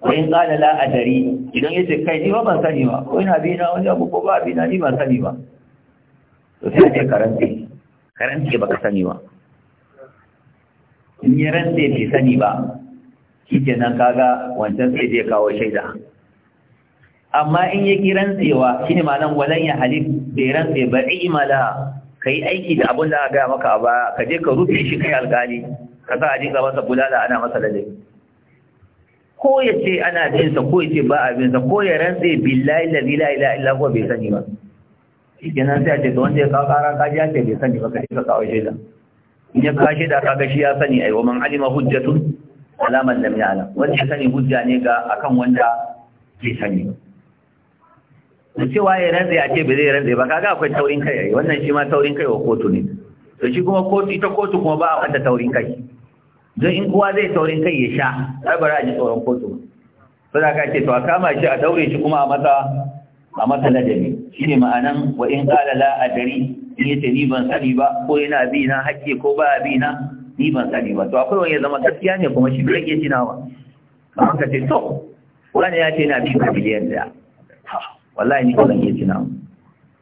ko in ƙala la adari idan yace kai ni ba ban sani ba ko ina bi na wani abu ko ba bi na ni ban sani ba to sai a ce karanta karance baka sani ba in yaran rantse bai sani ba kike nan kaga wancan sai zai kawo shaida amma in ya ki rantsewa shine malam walan ya halif bai rantse ba imala kai aiki da abin da aka gaya maka ba ka je ka rufe shi kai alkali ka sa a dinga masa bulala ana masa lalle ko ya ce ana jinsa ko ya ce ba abinsa ko ya rantse billahi la ilaha illa Allah bai sani ba shi sai a ce ta wanda ya kawo kara ka ji ake bai sani ba ka ka kawo shaida in ya kawo da ka gashi ya sani ai waman alima hujjatun alaman da ya'lam wanda ya sani hujja ne ga akan wanda bai sani da cewa ya rantse a ce bai zai rantse ba kaga akwai taurin kai ai wannan shi ma taurin kai wa kotu ne to shi kuma kotu ita kotu kuma ba a wanda taurin kai don in kowa zai taurin kai ya sha har ba za a ji tsoron kotu ba sai ka ce to a kama shi a daure shi kuma a masa a masa ladabi shi ne ma'anan wa in ƙala la a dari in yace ni ban sani ba ko yana bi na hakki ko ba bi na ni ban sani ba to akwai wani ya zama gaskiya ne kuma shi bai jina tunawa ba ka ce to wani ya ce na bi ka biliyan da wallahi ni ko zan iya tunawa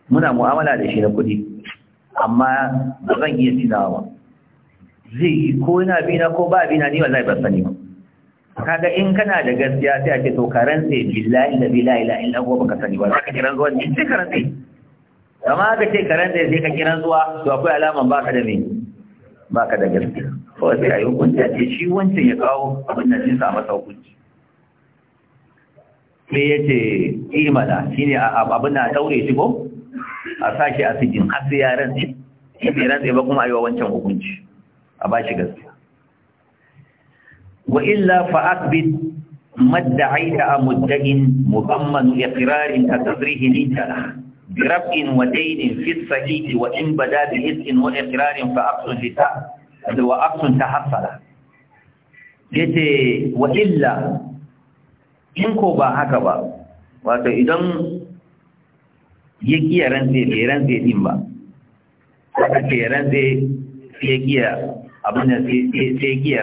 muna mu'amala da shi na kuɗi amma ba zan iya jina ba zai ko yana bi na ko ba bi na ni wallahi ban sani ba kaga in kana da gaskiya sai ake to karanta billahi la ilaha illa allah huwa baka sani ba zaka kiran zuwa ne sai karanta amma ka ce karanta sai ka kiran zuwa to akwai ba baka da me baka da gaskiya ko sai ayi hukunci a ce shi wancan ya kawo abin da zai samu masa hukunci yace ya eh, shine abin na daure shi ko a sashi a cikin har sai ya rantsi shi bai ba kuma ayi wa wancan hukunci a bashi gaskiya wa illa fa athbit mad'aita mudda'in mudamman iqrarin ka tadrihi linta برفع ودين في الصحيح وإن بدا بإذن وإقرار فأقص لتا وأقص تحصل Wa illa! in ko ba haka ba wato idan ya kiya rantse bai din ba aka ce sai ya abin da sai ya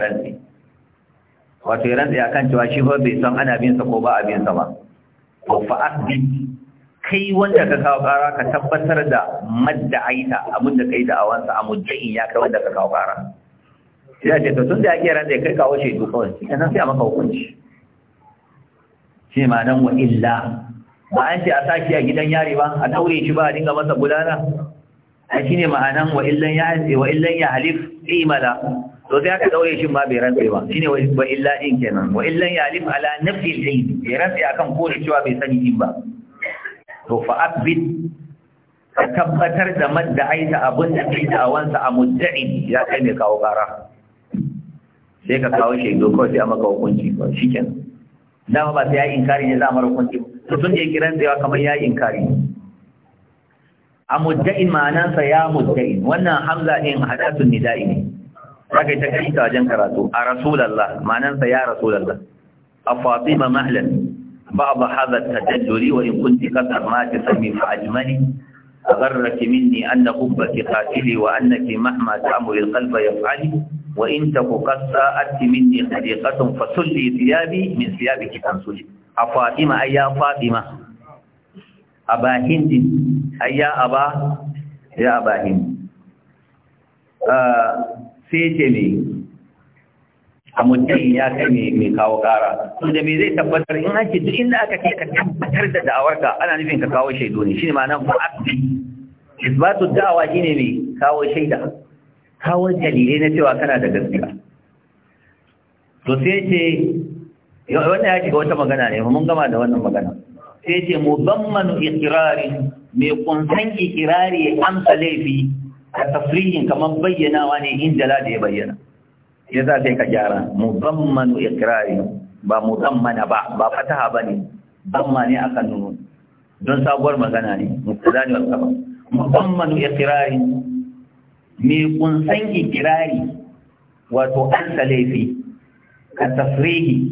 wato ya rantsa kan cewa shi ba bai san ana bin sa ko ba a bin sa ba to fa asbi kai wanda ka kawo kara ka tabbatar da madda aita abin da kai da awansa a mujjin ya kai wanda ka kawo kara. sai ce to tun da ake kera da kai kawo duk kawai shi kana sai a maka hukunci shi ma nan wa illa ba an ce a saki a gidan yari ba a daure shi ba a dinga masa gudana a shi ne ma'anan wa illan ya wa illan ya halif imala to sai aka daure shi ma bai rantsa ba shine wa illa in kenan wa illa yalim ala nafsi al-ilm bai rantsa akan kore cewa bai sani din ba to fa abid ka tabbatar da madda aita abun da ke da'awansa a mudda'in ya kai mai kawo ƙara sai ka kawo shaidu kawai sai a maka hukunci ba shi kenan dama ba sai ya inkari ne za mu hukunci to tun da kiran tsayawa kamar ya inkari a mudda'in ma'anansa ya mudda'in wannan hamza din hadatun nida'i ne Raka ita kai ta karatu, a Rasulallah, manansa ya Rasulallah, a Fatima Mahlin, ba ba hazar ta jajjuri wa kunti kasar ma ta sami fa ajmani, an na kubba kafili wa na ki mahma amurin kalba ya fa'ali, wa ku kasa an ki minni ta je fasulli siyabi min siyabi ki kan A Fatima, ai ya Fatima, a ba Hindi, ai ya aba, ya aba Hindi. Ah, sai ce ne a mutum ya kai ne mai kawo ƙara. to da mai zai tabbatar in ake duk inda aka ce ka tabbatar da da'awarka ana nufin ka kawo shaidu ne shi shine ma'anar fa'abdi isbatu da'awa shi ne kawo shaida kawo dalilai na cewa kana da gaskiya to sai ce wannan ya shiga wata magana ne mun gama da wannan magana sai ce mu muzammanu ikirari mai kunsan ikirari amsa laifi ka tafrihin kamar bayyanawa ne in jala da ya bayyana ya za sai ka gyara muzammanu ikirari ba muzammana ba ba fataha ba ne zamma ne akan nunu don sabuwar magana ne muktada ne wasu ba muzammanu ikirari mai kunsan ikirari wato an laifi ka tafrihi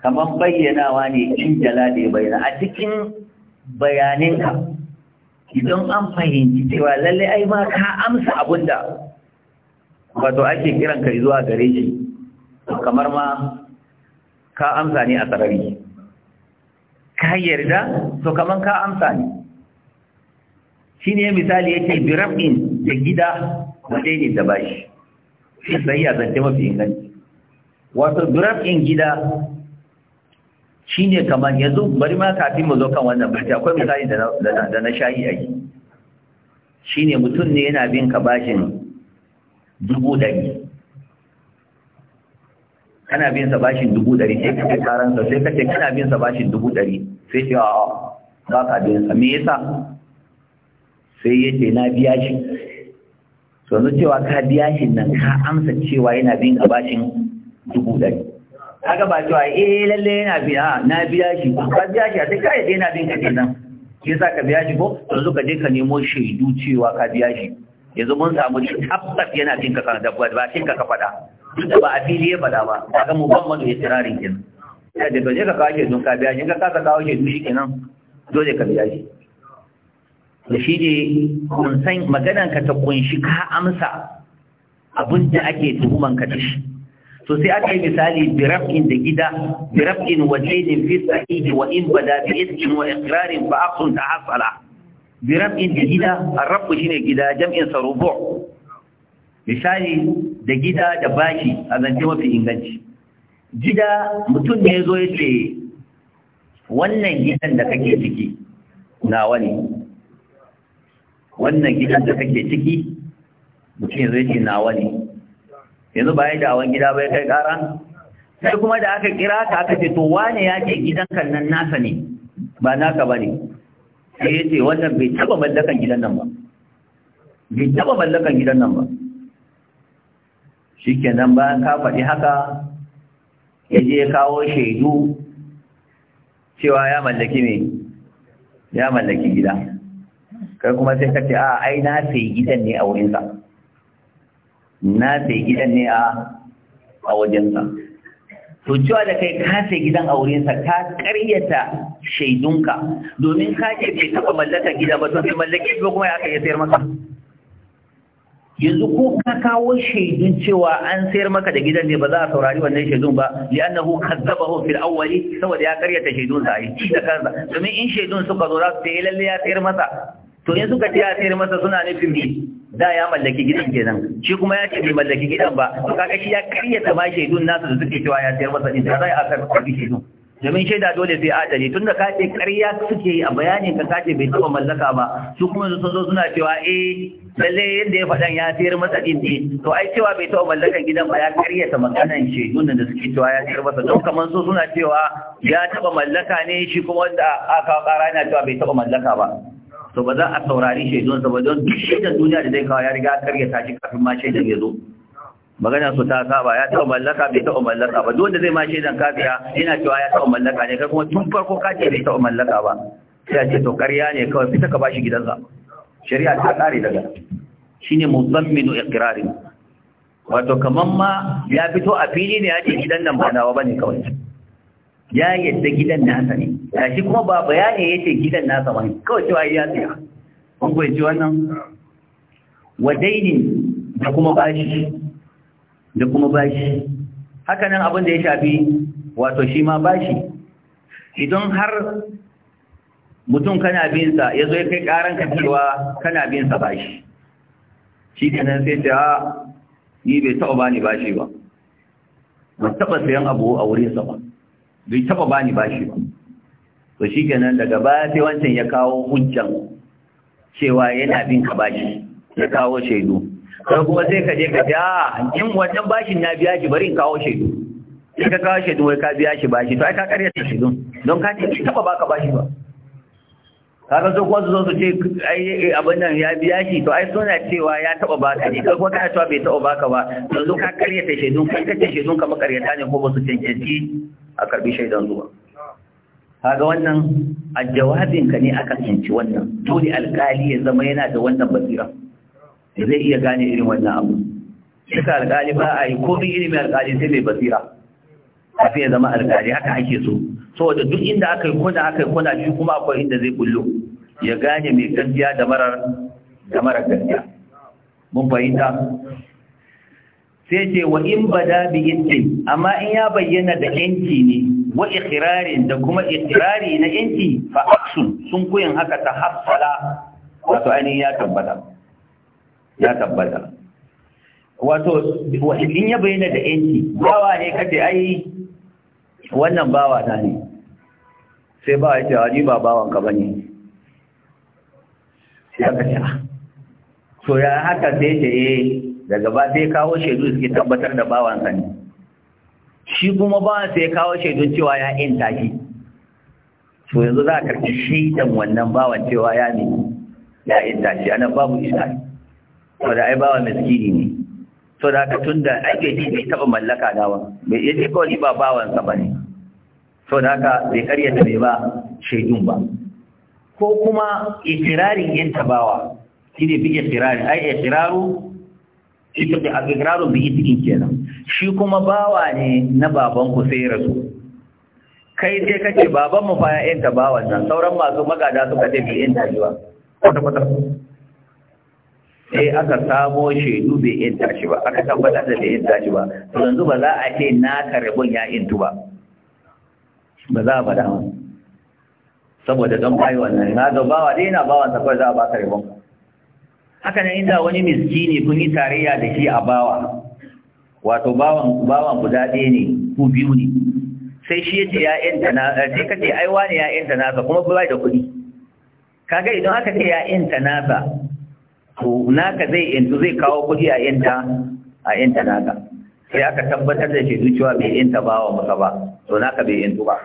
kamar bayyanawa ne in jala da ya bayyana a cikin bayaninka idan an fahimci cewa lalle ai ma ka amsa abinda wato ake kiran ka zuwa gare shi kamar ma ka amsa ne a sarari ka yarda to kamar ka amsa ne shine misali yake birabin da gida wadai ne da bashi sai ya zance mafi inganci wato birabin gida shi ne kamar yanzu bari ma kafin mu zo kan wannan bata akwai misali da na shayi a yi shi ne mutum ne yana bin ka bashin dubu dari kana bin sa bashin dubu dari sai ka kai sa sai ka ce kana bin sa bashin dubu dari sai ce a'a ba ka bin sa me yasa sai ya ce na biya shi to cewa ka biya shi nan ka amsa cewa yana bin ka bashin dubu dari. kaga ba cewa eh lalle yana biya na biya shi ba biya shi a sai kai dai na bin ka kenan ke sa ka biya shi ko yanzu ka je ka nemo shaidu cewa ka biya shi yanzu mun samu tabbas yana bin ka kan dabba ba shin ka ka fada duk da ba a fili ya fada ba kaga mu ban madu istirarin kenan da daga je ka kawo shaidu ka biya shi ka kasa kawo shaidu shi kenan dole ka biya shi da shi ne kun san maganan ka ta kunshi ka amsa abin da ake tuhuman ka da shi to sai aka yi misali rafin da gida rafin wajenin fi sahihi wa in bada bi iskin wa ikrarin fa aqsun ta hasala rafin da gida arrafu shine gida jam'in sarubu misali da gida da baki a zance mafi inganci gida mutum ne zo ya ce wannan gidan da kake ciki nawa ne wannan gidan da kake ciki mutum zai ce nawa ne yanzu ba da awon gida bai kai ƙara sai kuma da aka kira ka aka ce to wane ya ce kan nan nasa ne ba naka ba ne sai ya ce wannan bai taɓa mallakan gidan nan ba bai taba mallakan gidan nan ba shi bayan ka faɗi haka ya je kawo shaidu cewa ya mallaki ne ya mallaki gida kai kuma sai ka ce a ai na sai gidan ne a wurinsa na sai gidan ne a a wajensa to cewa da kai ka sai gidan a wurinsa ka karyata shaidunka domin ka ce bai taɓa mallaka gida ba sun sai mallaki ko kuma ya aka sayar maka yanzu ko ka kawo shaidun cewa an sayar maka da gidan ne ba za a saurari wannan shaidun ba li'annahu kazzabahu fil awwali saboda ya karyata shaidun sa ai da kansa domin in shaidun suka zo za su yi eh, lalle ya sayar masa to in suka ce ya sayar masa suna nufin me da ya mallaki gidan kenan shi kuma ya ce bai mallaki gidan ba to kaga shi ya karyata ma shaidun nasu da suke cewa ya sayar masa din da zai aka bi shaidun domin shaida dole sai adali tunda ka ce karya suke yi a bayani ka kace bai taba mallaka ba su kuma sun zo suna cewa eh lalle yadda ya faɗan ya sayar masa din ne to ai cewa bai taba mallakan gidan ba ya karyata maganan shaidun da suke cewa ya sayar masa don kamar su suna cewa ya taba mallaka ne shi kuma wanda aka kara yana cewa bai taba mallaka ba to ba za a saurari shaidunsa ba don duk shaidan duniya da zai kawo ya riga karyata shi kafin ma shaidan ya zo magana su ta saba ya taɓa mallaka bai taɓa mallaka ba duk wanda zai ma shaidan kafiya yana cewa ya taɓa mallaka ne kai kuma tun farko ka ce bai taɓa mallaka ba sai a ce to ƙarya ne kawai fita ka bashi gidansa shari'a ta ƙare daga shine muzamminu iqrarin wato kaman ma ya fito a fili ne ya ce gidan nan ba nawa bane kawai ya yadda gidan nasa ne da shi kuma ba bayani ya ce gidan nasa ba ne kawai cewa ya tsaya kuma ce wannan wadainin da kuma bashi da kuma bashi Hakanan abin da ya shafi wato shi ma bashi idan har mutum kana binsa ya zo ya kai ka cewa kana binsa bashi shi kanan sai a yi bai taɓa ba ni bashi ba ba taɓa sayan abu a wurinsa ba bai taba bani bashi ba to shikenan daga baya sai wancan ya kawo hujjan cewa yana bin ka bashi ya kawo shaidu sai kuma sai ka je ka ce a ah, in wannan bashin na biya shi bari in kawo shaidu in ka kawo shaidu wai ka biya shi bashi to ai ka karya shaidun don ka ce taba baka bashi ba kaga so kuma su zo su ce ai abin nan ya biya shi to ai suna cewa ya taba baka ne kai kuma kana cewa bai taba baka ba yanzu ka karyata shaidun kai kace shaidun ka makaryata ne ko ba su cancanci a karbi shaidan zuwa kaga wannan a ka ne kan tsinci wannan dole alkali ya zama yana da wannan basira zai iya gane irin wannan abu duka alkali ba a yi komin ilimin alkali sai mai basira kafi ya zama alkali haka ake so saboda duk inda aka yi kuna aka yi kuna shi kuma akwai inda zai bullo ya gane mai gaskiya da marar da marar gaskiya mun fahimta sai ce wa in bada bi yankin amma in ya bayyana da yanki ne wa ikirarin da kuma ikirari na yanki fa aksun sun kuyin haka ta hassala wato ainihin ya tabbata ya tabbata wato in ya bayyana da yanki bawa ne kace ai wannan bawa ta ne sai ba ya ce wani ba bawan ka bane ya aka ce so ah. ya haka sai ce eh daga ba sai kawo shaidu suke tabbatar da bawansa ne shi kuma bawan sai kawo shaidun cewa ya inta shi to yanzu za a karɓi shaidan wannan bawan cewa ya ne ya inta shi ana babu isa to da ai bawa miskini ne to da haka tun da ake ji bai taɓa mallaka na ba bai yace kawai ba bawansa ba ne to da haka bai karyata bai ba shaidun ba ko kuma ikirarin yin tabawa shi ne bi ikirarin ai ikiraru shi tafi a zirarun bi idikin kenan shi kuma bawa ne na baban ku sai rasu kai sai kace baban mu fa ya yanta bawan nan sauran masu magada suka ce bi yanta jiwa kwata kwata sai aka samo shaidu bai yanta shi ba aka tabbatar da bai yanta shi ba to yanzu ba za a ce na karbon ya yantu ba ba za a faɗa saboda don bayi wannan na ga bawa dai na bawan sa kawai za a baka ribon haka nan inda wani miskini kun yi tarayya da shi a bawa wato bawan bawan guda ɗaya ne ku biyu ne sai shi yace ya yanta na eh, sai kace ai wani ya yanta nasa kuma bai da kuɗi kaga idan aka ce ya yanta nasa to naka zai yanzu zai kawo kuɗi a yanta a yanta naka sai aka tabbatar da shi zuciya bai yanta bawa maka ba to naka bai yanzu ba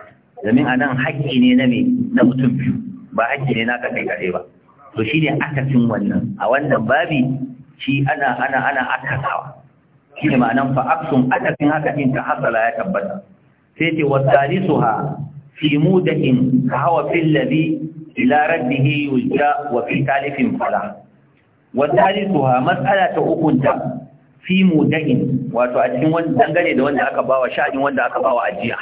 domin anan haƙƙi ne na na mutum biyu ba haƙƙi ne naka kai kaɗai ba to shi ne akasin wannan a wannan babi shi ana ana ana akasawa shine ma'anan fa aksum akasin haka din ta hasala ya tabbata sai ce wasalisuha fi mudatin hawa fil ladhi ila raddihi yulja wa fi talifin fala ha, mas'ala ta ukunta fi mudain wato a cikin wani dangane da wanda aka bawa sha'in wanda aka bawa ajiya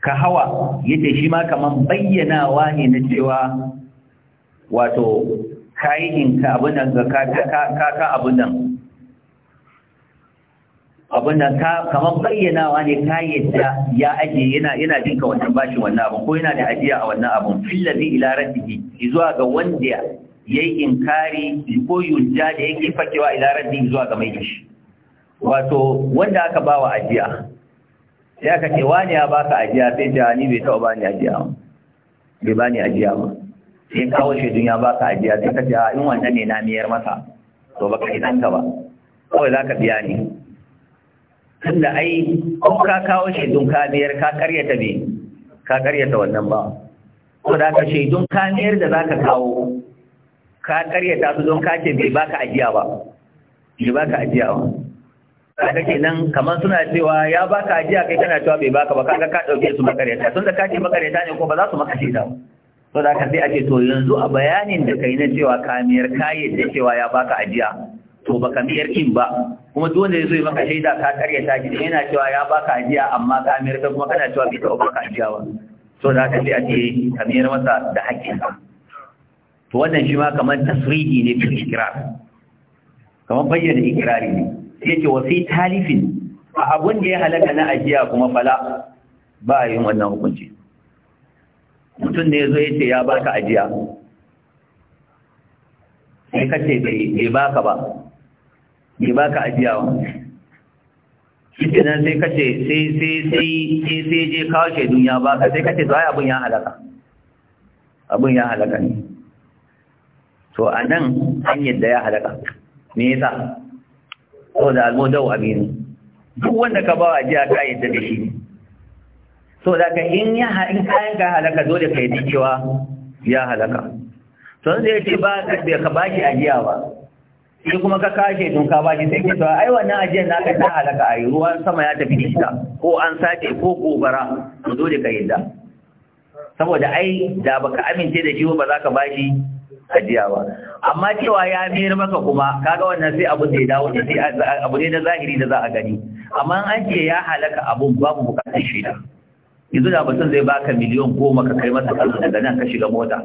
ka hawa yace shi ma kaman bayyanawa ne na cewa wato kayin ka abin nan ga kaka abin nan abin nan kamar bayyanawa ne kayin ya ajiye yana yana jinka wannan bashi wannan abin ko yana da ajiya a wannan abin fillazi ila rabbihi zuwa ga wanda yayi inkari ko yujja da yake fakewa ila rabbihi zuwa ga mai shi wato wanda aka bawa ajiya sai aka ce wani ya baka ajiya sai jani bai taɓa ni ajiya ba bai bani ajiya ba sai kawo shaidun ya baka ajiya sai ka ce ah, in wannan ne na miyar masa to baka yi ɗanka ba kawai za ka biya ni da ai ko ka kawo shaidun ka miyar ka karyata me ka karyata wannan ba ko da ka shaidun ka miyar da za ka kawo ka karyata su don ka ce bai baka ajiya ba bai baka ajiya ba kaga kenan kamar suna cewa ya baka ajiya kai kana cewa bai baka ba kaga ka dauke su makareta tunda ka ce makareta ne ko ba za su maka shaida ba so da ka sai a ce to yanzu a bayanin da kai na cewa kamiyar kayi da cewa ya baka ajiya to ba miyar kin ba kuma duk wanda ya zo maka shaida ka karya ta gidi yana cewa ya baka ajiya amma kamiyar ka kuma kana cewa bai taɓa baka ajiya ba so da ka sai a ce kamiyar masa da haƙƙin to wannan shi ma kamar tasrihi ne fi ikrar kamar bayyana ikirari ne sai ce wa talifin a abun da ya halaka na ajiya kuma fala ba a yin wannan hukunci mutum ne zo ya ce ya baka ajiya sai ka ce bai baka ba bai baka ajiya ba shi nan sai ka ce sai sai sai sai je kawo ke ya baka sai ka ce to ai abun ya halaka abun ya halaka ne to a nan an yadda ya halaka me yasa saboda almodau aminu duk wanda ka bawa ajiya ka yadda da shi ne so daga in ya in kayan ka halaka dole ka yi cewa ya halaka to sai ce ba ka da ka baki ajiya ba shi kuma ka kashe don ka baki sai ke cewa ai wannan ajiyar naka ta halaka ai ruwan sama ya tafi da ko an sace ko gobara to dole ka yi da saboda ai da baka amince da shi ba za ka bashi ajiya ba amma cewa ya mayar maka kuma kaga wannan sai abu da ya dawo sai abu ne na zahiri da za a gani amma an ce ya halaka abun babu bukatar shida. yanzu da mutum zai baka miliyon goma ka kai masa kansu daga nan ka shiga mota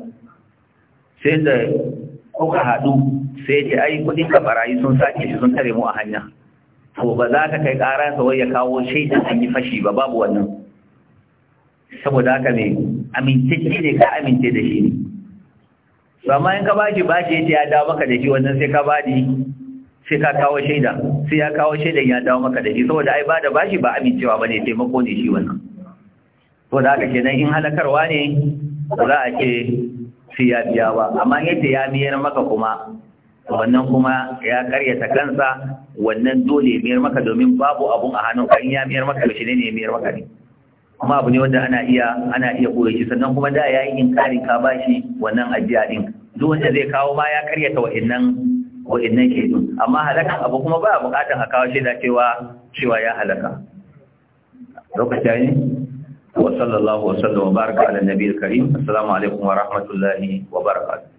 sai da kuka haɗu sai ce ai kudin ka barayi sun sake shi sun tare mu a hanya to ba za ka kai ƙara sa wai ya kawo shaidan an yi fashi ba babu wannan saboda haka ne amintacce ne ka amince da shi ne amma in ka ba shi ba shi ya dawo maka da shi wannan sai ka ba sai ka kawo shaida sai ya kawo shaidan ya dawo maka da shi saboda ai ba da bashi ba amincewa bane taimako ne shi wannan ko da aka ce dan in halakarwa ne za a ce siya biya ba amma yadda ya biyar maka kuma wannan kuma ya karyata kansa wannan dole ya miyar maka domin babu abun a hannun kan ya biyar maka shi ne ne biyar maka ne kuma abu ne wanda ana iya ana iya koyo shi sannan kuma da yayin inkari ka bashi wannan ajiya din duk wanda zai kawo ma ya karyata wa'annan wa'annan ke dun amma halakan abu kuma ba a bukatan a kawo da cewa cewa ya halaka lokacin wa sallallahu wa sallam wa baraka ala nabiyil karim assalamu alaikum wa rahmatullahi wa barakatuh